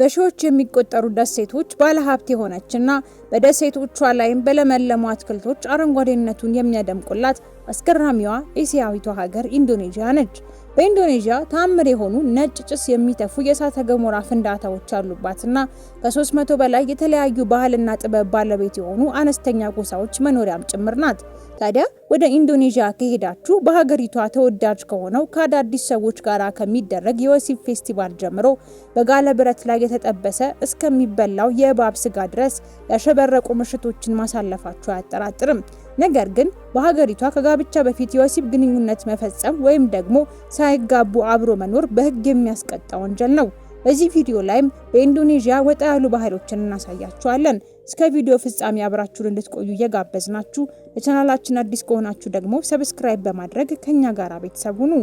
በሺዎች የሚቆጠሩ ደሴቶች ባለሀብት የሆነችና በደሴቶቿ ላይም በለመለሙ አትክልቶች አረንጓዴነቱን የሚያደምቁላት አስገራሚዋ ኤሲያዊቷ ሀገር ኢንዶኔዥያ ነች። በኢንዶኔዥያ ተአምር የሆኑ ነጭ ጭስ የሚተፉ የእሳተ ገሞራ ፍንዳታዎች አሉባትና ከ300 በላይ የተለያዩ ባህልና ጥበብ ባለቤት የሆኑ አነስተኛ ጎሳዎች መኖሪያም ጭምር ናት። ታዲያ ወደ ኢንዶኔዥያ ከሄዳችሁ በሀገሪቷ ተወዳጅ ከሆነው ከአዳዲስ ሰዎች ጋር ከሚደረግ የወሲብ ፌስቲቫል ጀምሮ በጋለ ብረት ላይ የተጠበሰ እስከሚበላው የእባብ ስጋ ድረስ ያሸበረቁ ምሽቶችን ማሳለፋችሁ አያጠራጥርም። ነገር ግን በሀገሪቷ ከጋብቻ በፊት የወሲብ ግንኙነት መፈጸም ወይም ደግሞ ሳይጋቡ አብሮ መኖር በህግ የሚያስቀጣ ወንጀል ነው። በዚህ ቪዲዮ ላይም በኢንዶኔዥያ ወጣ ያሉ ባህሎችን እናሳያችኋለን። እስከ ቪዲዮ ፍጻሜ አብራችሁን እንድትቆዩ እየጋበዝናችሁ፣ ለቻናላችን አዲስ ከሆናችሁ ደግሞ ሰብስክራይብ በማድረግ ከኛ ጋር ቤተሰብ ሁኑ።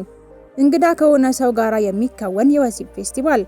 እንግዳ ከሆነ ሰው ጋራ የሚከወን የወሲብ ፌስቲቫል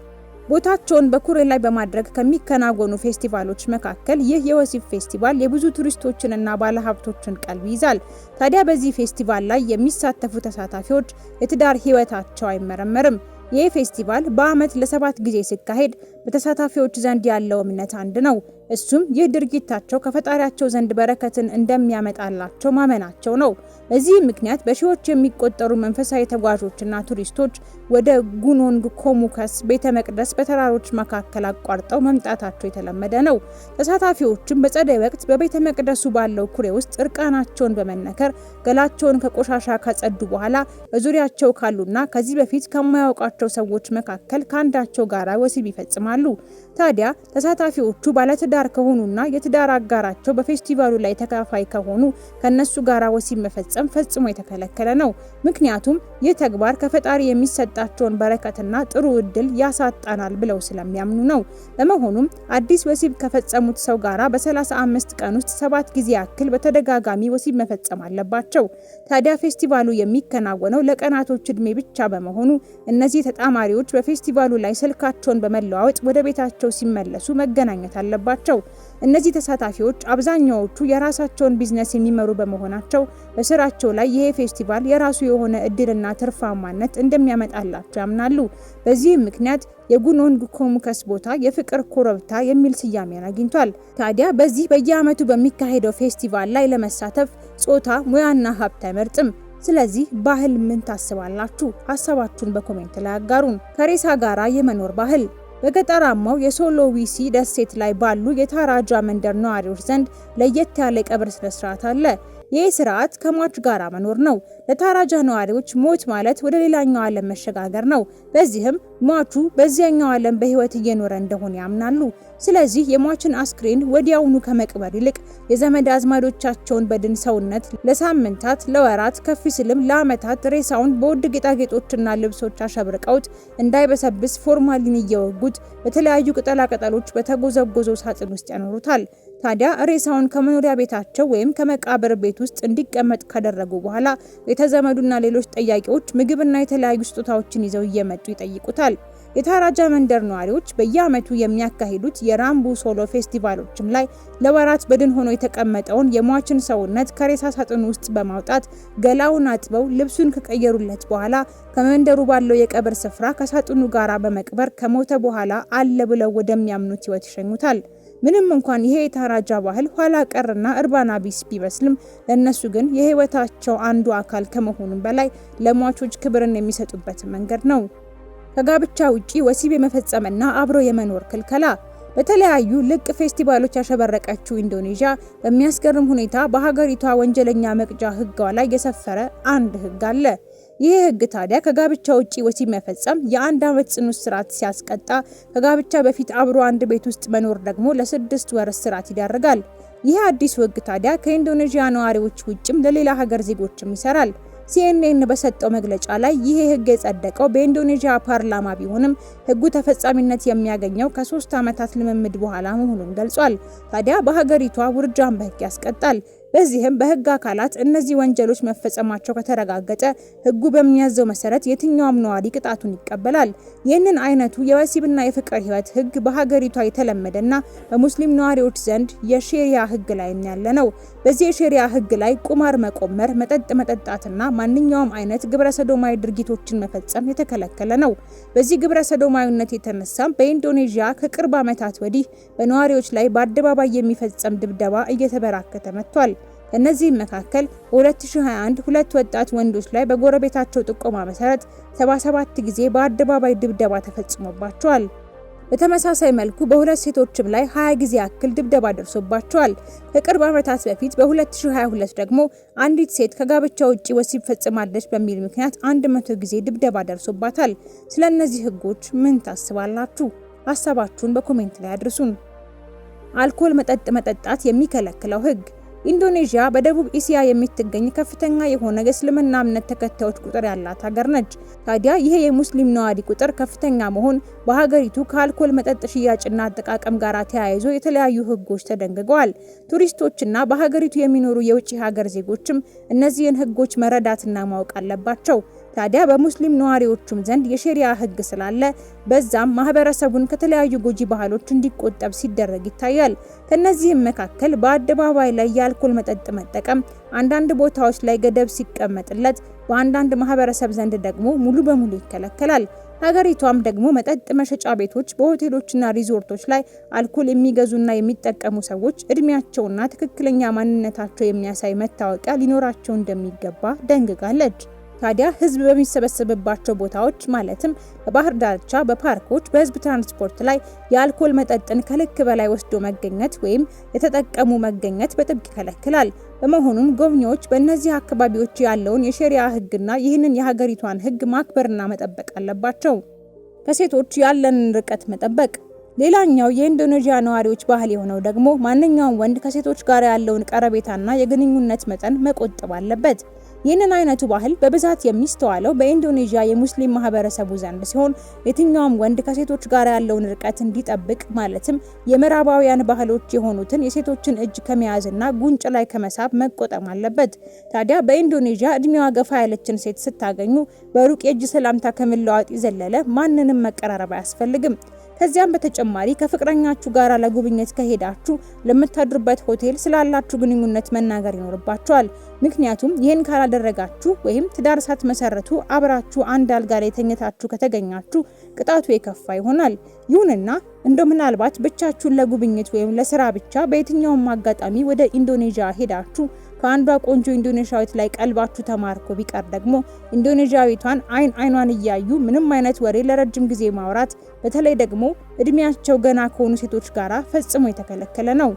ቦታቸውን በኩሬ ላይ በማድረግ ከሚከናወኑ ፌስቲቫሎች መካከል ይህ የወሲብ ፌስቲቫል የብዙ ቱሪስቶችንና ባለሀብቶችን ቀልብ ይይዛል። ታዲያ በዚህ ፌስቲቫል ላይ የሚሳተፉ ተሳታፊዎች የትዳር ህይወታቸው አይመረመርም። ይህ ፌስቲቫል በአመት ለሰባት ጊዜ ሲካሄድ በተሳታፊዎች ዘንድ ያለው እምነት አንድ ነው። እሱም ይህ ድርጊታቸው ከፈጣሪያቸው ዘንድ በረከትን እንደሚያመጣላቸው ማመናቸው ነው። በዚህ ምክንያት በሺዎች የሚቆጠሩ መንፈሳዊ ተጓዦችና ቱሪስቶች ወደ ጉኖንግ ኮሙከስ ቤተ መቅደስ በተራሮች መካከል አቋርጠው መምጣታቸው የተለመደ ነው። ተሳታፊዎችም በጸደይ ወቅት በቤተ መቅደሱ ባለው ኩሬ ውስጥ እርቃናቸውን በመነከር ገላቸውን ከቆሻሻ ከጸዱ በኋላ በዙሪያቸው ካሉና ከዚህ በፊት ከማያውቋቸው ሰዎች መካከል ከአንዳቸው ጋራ ወሲብ ይፈጽማሉ። ታዲያ ተሳታፊዎቹ ባለትዳ ባለትዳር ከሆኑና የትዳር አጋራቸው በፌስቲቫሉ ላይ ተካፋይ ከሆኑ ከነሱ ጋር ወሲብ መፈጸም ፈጽሞ የተከለከለ ነው። ምክንያቱም ይህ ተግባር ከፈጣሪ የሚሰጣቸውን በረከትና ጥሩ እድል ያሳጣናል ብለው ስለሚያምኑ ነው። ለመሆኑም አዲስ ወሲብ ከፈጸሙት ሰው ጋራ በ35 ቀን ውስጥ ሰባት ጊዜ ያክል በተደጋጋሚ ወሲብ መፈጸም አለባቸው። ታዲያ ፌስቲቫሉ የሚከናወነው ለቀናቶች እድሜ ብቻ በመሆኑ እነዚህ ተጣማሪዎች በፌስቲቫሉ ላይ ስልካቸውን በመለዋወጥ ወደ ቤታቸው ሲመለሱ መገናኘት አለባቸው። ናቸው። እነዚህ ተሳታፊዎች አብዛኛዎቹ የራሳቸውን ቢዝነስ የሚመሩ በመሆናቸው በስራቸው ላይ ይሄ ፌስቲቫል የራሱ የሆነ እድልና ትርፋማነት እንደሚያመጣላቸው ያምናሉ። በዚህም ምክንያት የጉኖንግ ኮሙከስ ቦታ የፍቅር ኮረብታ የሚል ስያሜን አግኝቷል። ታዲያ በዚህ በየዓመቱ በሚካሄደው ፌስቲቫል ላይ ለመሳተፍ ጾታ፣ ሙያና ሀብት አይመርጥም። ስለዚህ ባህል ምን ታስባላችሁ? ሀሳባችሁን በኮሜንት ላይ አጋሩን። ከሬሳ ጋራ የመኖር ባህል በገጠራማው የሶሎዊሲ ደሴት ላይ ባሉ የታራጃ መንደር ነዋሪዎች ዘንድ ለየት ያለ ቀብር ስነስርዓት አለ። ይህ ስርዓት ከሟች ጋር መኖር ነው። ለታራጃ ነዋሪዎች ሞት ማለት ወደ ሌላኛው ዓለም መሸጋገር ነው። በዚህም ሟቹ በዚያኛው ዓለም በህይወት እየኖረ እንደሆነ ያምናሉ። ስለዚህ የሟችን አስክሬን ወዲያውኑ ከመቅበር ይልቅ የዘመድ አዝማዶቻቸውን በድን ሰውነት ለሳምንታት፣ ለወራት ከፍ ሲልም ለዓመታት ሬሳውን በውድ ጌጣጌጦችና ልብሶች አሸብርቀውት እንዳይበሰብስ ፎርማሊን እየወጉት በተለያዩ ቅጠላቅጠሎች በተጎዘጎዘው ሳጥን ውስጥ ያኖሩታል። ታዲያ ሬሳውን ከመኖሪያ ቤታቸው ወይም ከመቃብር ቤት ውስጥ እንዲቀመጥ ካደረጉ በኋላ የተዘመዱና ሌሎች ጠያቂዎች ምግብና የተለያዩ ስጦታዎችን ይዘው እየመጡ ይጠይቁታል። የታራጃ መንደር ነዋሪዎች በየዓመቱ የሚያካሂዱት የራምቡ ሶሎ ፌስቲቫሎችም ላይ ለወራት በድን ሆኖ የተቀመጠውን የሟችን ሰውነት ከሬሳ ሳጥን ውስጥ በማውጣት ገላውን አጥበው ልብሱን ከቀየሩለት በኋላ ከመንደሩ ባለው የቀብር ስፍራ ከሳጥኑ ጋራ በመቅበር ከሞተ በኋላ አለ ብለው ወደሚያምኑት ሕይወት ይሸኙታል። ምንም እንኳን ይሄ የታራጃ ባህል ኋላ ቀርና እርባና ቢስ ቢመስልም ለእነሱ ግን የህይወታቸው አንዱ አካል ከመሆኑም በላይ ለሟቾች ክብርን የሚሰጡበት መንገድ ነው። ከጋብቻ ውጪ ወሲብ የመፈጸምና አብሮ የመኖር ክልከላ በተለያዩ ልቅ ፌስቲቫሎች ያሸበረቀችው ኢንዶኔዥያ በሚያስገርም ሁኔታ በሀገሪቷ ወንጀለኛ መቅጫ ህጋ ላይ የሰፈረ አንድ ህግ አለ። ይህ ህግ ታዲያ ከጋብቻ ውጪ ወሲብ መፈጸም የአንድ ዓመት ጽኑ እስራት ሲያስቀጣ ከጋብቻ በፊት አብሮ አንድ ቤት ውስጥ መኖር ደግሞ ለስድስት ወር እስራት ይዳርጋል። ይህ አዲሱ ህግ ታዲያ ከኢንዶኔዥያ ነዋሪዎች ውጭም ለሌላ ሀገር ዜጎችም ይሰራል። ሲኤንኤን በሰጠው መግለጫ ላይ ይሄ ህግ የጸደቀው በኢንዶኔዥያ ፓርላማ ቢሆንም ህጉ ተፈጻሚነት የሚያገኘው ከሶስት ዓመታት ልምምድ በኋላ መሆኑን ገልጿል። ታዲያ በሀገሪቷ ውርጃን በህግ ያስቀጣል። በዚህም በህግ አካላት እነዚህ ወንጀሎች መፈጸማቸው ከተረጋገጠ ህጉ በሚያዘው መሰረት የትኛውም ነዋሪ ቅጣቱን ይቀበላል። ይህንን አይነቱ የወሲብና የፍቅር ህይወት ህግ በሀገሪቷ የተለመደና በሙስሊም ነዋሪዎች ዘንድ የሼሪያ ህግ ላይ ያለ ነው። በዚህ የሼሪያ ህግ ላይ ቁማር መቆመር፣ መጠጥ መጠጣትና ማንኛውም አይነት ግብረ ሰዶማዊ ድርጊቶችን መፈጸም የተከለከለ ነው። በዚህ ግብረ ሰዶማዊነት የተነሳም በኢንዶኔዥያ ከቅርብ ዓመታት ወዲህ በነዋሪዎች ላይ በአደባባይ የሚፈጸም ድብደባ እየተበራከተ መጥቷል። ከእነዚህም መካከል በ2021 ሁለት ወጣት ወንዶች ላይ በጎረቤታቸው ጥቆማ መሰረት 77 ጊዜ በአደባባይ ድብደባ ተፈጽሞባቸዋል። በተመሳሳይ መልኩ በሁለት ሴቶችም ላይ 20 ጊዜ ያክል ድብደባ ደርሶባቸዋል። ከቅርብ ዓመታት በፊት በ2022 ደግሞ አንዲት ሴት ከጋብቻ ውጪ ወሲብ ፈጽማለች በሚል ምክንያት 100 ጊዜ ድብደባ ደርሶባታል። ስለ እነዚህ ህጎች ምን ታስባላችሁ? ሀሳባችሁን በኮሜንት ላይ አድርሱን። አልኮል መጠጥ መጠጣት የሚከለክለው ህግ ኢንዶኔዥያ በደቡብ እስያ የምትገኝ ከፍተኛ የሆነ የእስልምና እምነት ተከታዮች ቁጥር ያላት ሀገር ነች። ታዲያ ይሄ የሙስሊም ነዋሪ ቁጥር ከፍተኛ መሆን በሀገሪቱ ከአልኮል መጠጥ ሽያጭና አጠቃቀም ጋር ተያይዞ የተለያዩ ህጎች ተደንግገዋል። ቱሪስቶችና በሀገሪቱ የሚኖሩ የውጭ ሀገር ዜጎችም እነዚህን ህጎች መረዳትና ማወቅ አለባቸው። ታዲያ በሙስሊም ነዋሪዎቹም ዘንድ የሸሪያ ህግ ስላለ በዛም ማህበረሰቡን ከተለያዩ ጎጂ ባህሎች እንዲቆጠብ ሲደረግ ይታያል። ከነዚህም መካከል በአደባባይ ላይ የአልኮል መጠጥ መጠቀም፣ አንዳንድ ቦታዎች ላይ ገደብ ሲቀመጥለት፣ በአንዳንድ ማህበረሰብ ዘንድ ደግሞ ሙሉ በሙሉ ይከለከላል። ሀገሪቷም ደግሞ መጠጥ መሸጫ ቤቶች በሆቴሎችና ሪዞርቶች ላይ አልኮል የሚገዙና የሚጠቀሙ ሰዎች እድሜያቸውና ትክክለኛ ማንነታቸው የሚያሳይ መታወቂያ ሊኖራቸው እንደሚገባ ደንግጋለች። ታዲያ ህዝብ በሚሰበሰብባቸው ቦታዎች ማለትም በባህር ዳርቻ፣ በፓርኮች፣ በህዝብ ትራንስፖርት ላይ የአልኮል መጠጥን ከልክ በላይ ወስዶ መገኘት ወይም የተጠቀሙ መገኘት በጥብቅ ይከለክላል። በመሆኑም ጎብኚዎች በእነዚህ አካባቢዎች ያለውን የሸሪያ ህግና ይህንን የሀገሪቷን ህግ ማክበርና መጠበቅ አለባቸው። ከሴቶች ያለንን ርቀት መጠበቅ ሌላኛው የኢንዶኔዥያ ነዋሪዎች ባህል የሆነው ደግሞ ማንኛውም ወንድ ከሴቶች ጋር ያለውን ቀረቤታና የግንኙነት መጠን መቆጠብ አለበት። ይህንን አይነቱ ባህል በብዛት የሚስተዋለው በኢንዶኔዥያ የሙስሊም ማህበረሰቡ ዘንድ ሲሆን የትኛውም ወንድ ከሴቶች ጋር ያለውን ርቀት እንዲጠብቅ ማለትም የምዕራባውያን ባህሎች የሆኑትን የሴቶችን እጅ ከመያዝና ጉንጭ ላይ ከመሳብ መቆጠም አለበት። ታዲያ በኢንዶኔዥያ እድሜዋ ገፋ ያለችን ሴት ስታገኙ በሩቅ የእጅ ሰላምታ ከመለዋወጥ የዘለለ ማንንም መቀራረብ አያስፈልግም። ከዚያም በተጨማሪ ከፍቅረኛችሁ ጋር ለጉብኝት ከሄዳችሁ ለምታድሩበት ሆቴል ስላላችሁ ግንኙነት መናገር ይኖርባችኋል። ምክንያቱም ይህን ካላደረጋችሁ ወይም ትዳር ሳትመሰረቱ አብራችሁ አንድ አልጋ ላይ ተኝታችሁ ከተገኛችሁ ቅጣቱ የከፋ ይሆናል። ይሁንና እንደ ምናልባት ብቻችሁን ለጉብኝት ወይም ለስራ ብቻ በየትኛውም አጋጣሚ ወደ ኢንዶኔዥያ ሄዳችሁ ከአንዷ ቆንጆ ኢንዶኔዥያዊት ላይ ቀልባችሁ ተማርኮ ቢቀር ደግሞ ኢንዶኔዥያዊቷን አይን አይኗን እያዩ ምንም አይነት ወሬ ለረጅም ጊዜ ማውራት በተለይ ደግሞ እድሜያቸው ገና ከሆኑ ሴቶች ጋር ፈጽሞ የተከለከለ ነው።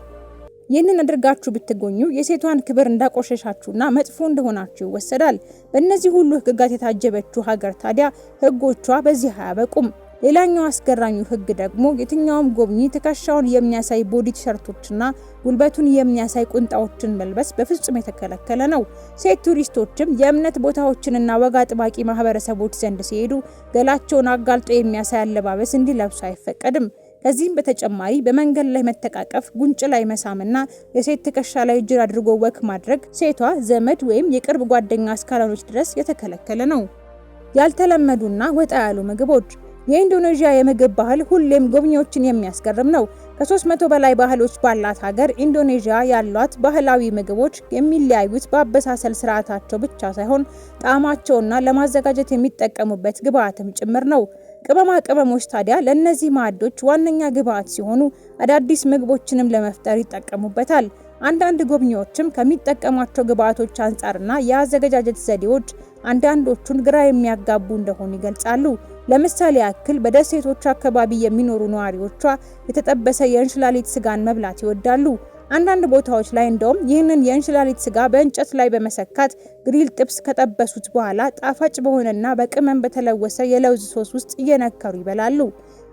ይህንን አድርጋችሁ ብትጎኙ የሴቷን ክብር እንዳቆሸሻችሁና መጥፎ እንደሆናችሁ ይወሰዳል። በእነዚህ ሁሉ ህግጋት የታጀበችው ሀገር ታዲያ ህጎቿ በዚህ አያበቁም። ሌላኛው አስገራሚው ህግ ደግሞ የትኛውም ጎብኚ ትከሻውን የሚያሳይ ቦዲ ቲሸርቶችና ጉልበቱን የሚያሳይ ቁንጣዎችን መልበስ በፍጹም የተከለከለ ነው። ሴት ቱሪስቶችም የእምነት ቦታዎችንና ወግ አጥባቂ ማህበረሰቦች ዘንድ ሲሄዱ ገላቸውን አጋልጦ የሚያሳይ አለባበስ እንዲለብሱ አይፈቀድም። ከዚህም በተጨማሪ በመንገድ ላይ መተቃቀፍ፣ ጉንጭ ላይ መሳምና የሴት ትከሻ ላይ እጅር አድርጎ ወክ ማድረግ ሴቷ ዘመድ ወይም የቅርብ ጓደኛ እስካልሆነች ድረስ የተከለከለ ነው። ያልተለመዱና ወጣ ያሉ ምግቦች የኢንዶኔዥያ የምግብ ባህል ሁሌም ጎብኚዎችን የሚያስገርም ነው። ከ300 በላይ ባህሎች ባላት ሀገር ኢንዶኔዥያ ያሏት ባህላዊ ምግቦች የሚለያዩት በአበሳሰል ስርዓታቸው ብቻ ሳይሆን ጣዕማቸውና ለማዘጋጀት የሚጠቀሙበት ግብዓትም ጭምር ነው። ቅመማ ቅመሞች ታዲያ ለእነዚህ ማዕዶች ዋነኛ ግብዓት ሲሆኑ አዳዲስ ምግቦችንም ለመፍጠር ይጠቀሙበታል። አንዳንድ ጎብኚዎችም ከሚጠቀሟቸው ግብዓቶች አንጻርና የአዘገጃጀት ዘዴዎች አንዳንዶቹን ግራ የሚያጋቡ እንደሆኑ ይገልጻሉ። ለምሳሌ ያክል በደሴቶች አካባቢ የሚኖሩ ነዋሪዎቿ የተጠበሰ የእንሽላሊት ስጋን መብላት ይወዳሉ። አንዳንድ ቦታዎች ላይ እንደውም ይህንን የእንሽላሊት ስጋ በእንጨት ላይ በመሰካት ግሪል ጥብስ ከጠበሱት በኋላ ጣፋጭ በሆነና በቅመም በተለወሰ የለውዝ ሶስ ውስጥ እየነከሩ ይበላሉ።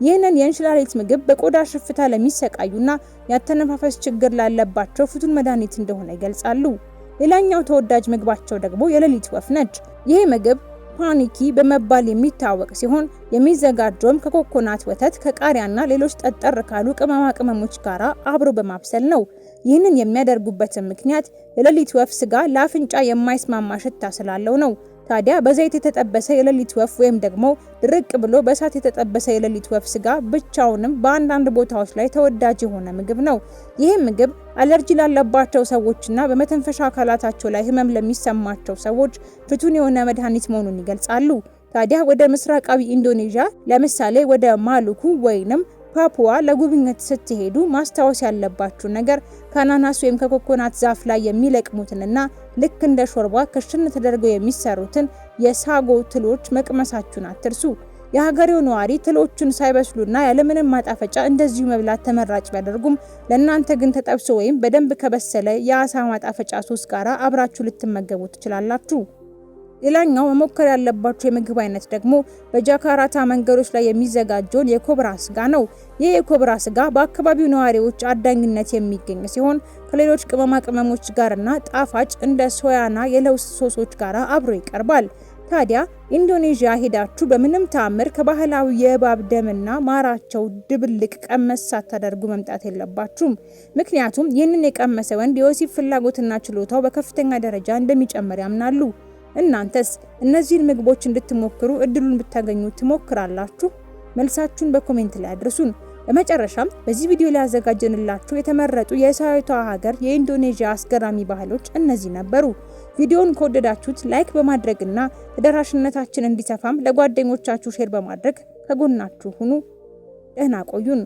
ይህንን የእንሽላሊት ምግብ በቆዳ ሽፍታ ለሚሰቃዩና ያተነፋፈስ ችግር ላለባቸው ፍቱን መድኃኒት እንደሆነ ይገልጻሉ። ሌላኛው ተወዳጅ ምግባቸው ደግሞ የሌሊት ወፍ ነች። ይህ ምግብ ፓኒኪ በመባል የሚታወቅ ሲሆን የሚዘጋጀውም ከኮኮናት ወተት ከቃሪያና ሌሎች ጠጠር ካሉ ቅመማ ቅመሞች ጋር አብሮ በማብሰል ነው። ይህንን የሚያደርጉበትን ምክንያት የሌሊት ወፍ ስጋ ለአፍንጫ የማይስማማ ሽታ ስላለው ነው። ታዲያ በዘይት የተጠበሰ የሌሊት ወፍ ወይም ደግሞ ድርቅ ብሎ በእሳት የተጠበሰ የሌሊት ወፍ ስጋ ብቻውንም በአንዳንድ ቦታዎች ላይ ተወዳጅ የሆነ ምግብ ነው። ይህም ምግብ አለርጂ ላለባቸው ሰዎችና በመተንፈሻ አካላታቸው ላይ ህመም ለሚሰማቸው ሰዎች ፍቱን የሆነ መድኃኒት መሆኑን ይገልጻሉ። ታዲያ ወደ ምስራቃዊ ኢንዶኔዥያ ለምሳሌ ወደ ማሉኩ ወይንም ፓፑዋ ለጉብኝት ስትሄዱ ማስታወስ ያለባችሁ ነገር ከአናናስ ወይም ከኮኮናት ዛፍ ላይ የሚለቅሙትንና ልክ እንደ ሾርባ ክሽን ተደርገው የሚሰሩትን የሳጎ ትሎች መቅመሳችሁን አትርሱ። የሀገሬው ነዋሪ ትሎቹን ሳይበስሉና ያለምንም ማጣፈጫ እንደዚሁ መብላት ተመራጭ ቢያደርጉም ለእናንተ ግን ተጠብሶ ወይም በደንብ ከበሰለ የአሳ ማጣፈጫ ሶስ ጋራ አብራችሁ ልትመገቡ ትችላላችሁ። ሌላኛው መሞከር ያለባቸው የምግብ አይነት ደግሞ በጃካራታ መንገዶች ላይ የሚዘጋጀውን የኮብራ ስጋ ነው። ይህ የኮብራ ስጋ በአካባቢው ነዋሪዎች አዳኝነት የሚገኝ ሲሆን ከሌሎች ቅመማ ቅመሞች ጋርና ጣፋጭ እንደ ሶያና የለውስ ሶሶች ጋር አብሮ ይቀርባል። ታዲያ ኢንዶኔዥያ ሄዳችሁ በምንም ተአምር ከባህላዊ የእባብ ደምና ማራቸው ድብልቅ ቀመስ ሳታደርጉ መምጣት የለባችሁም። ምክንያቱም ይህንን የቀመሰ ወንድ የወሲብ ፍላጎትና ችሎታው በከፍተኛ ደረጃ እንደሚጨምር ያምናሉ። እናንተስ እነዚህን ምግቦች እንድትሞክሩ እድሉን ብታገኙ ትሞክራላችሁ? መልሳችሁን በኮሜንት ላይ አድርሱን። በመጨረሻም በዚህ ቪዲዮ ላይ ያዘጋጀንላችሁ የተመረጡ የእስያዊቷ ሀገር የኢንዶኔዥያ አስገራሚ ባህሎች እነዚህ ነበሩ። ቪዲዮውን ከወደዳችሁት ላይክ በማድረግና ተደራሽነታችን እንዲሰፋም ለጓደኞቻችሁ ሼር በማድረግ ከጎናችሁ ሁኑ። ደህና ቆዩን።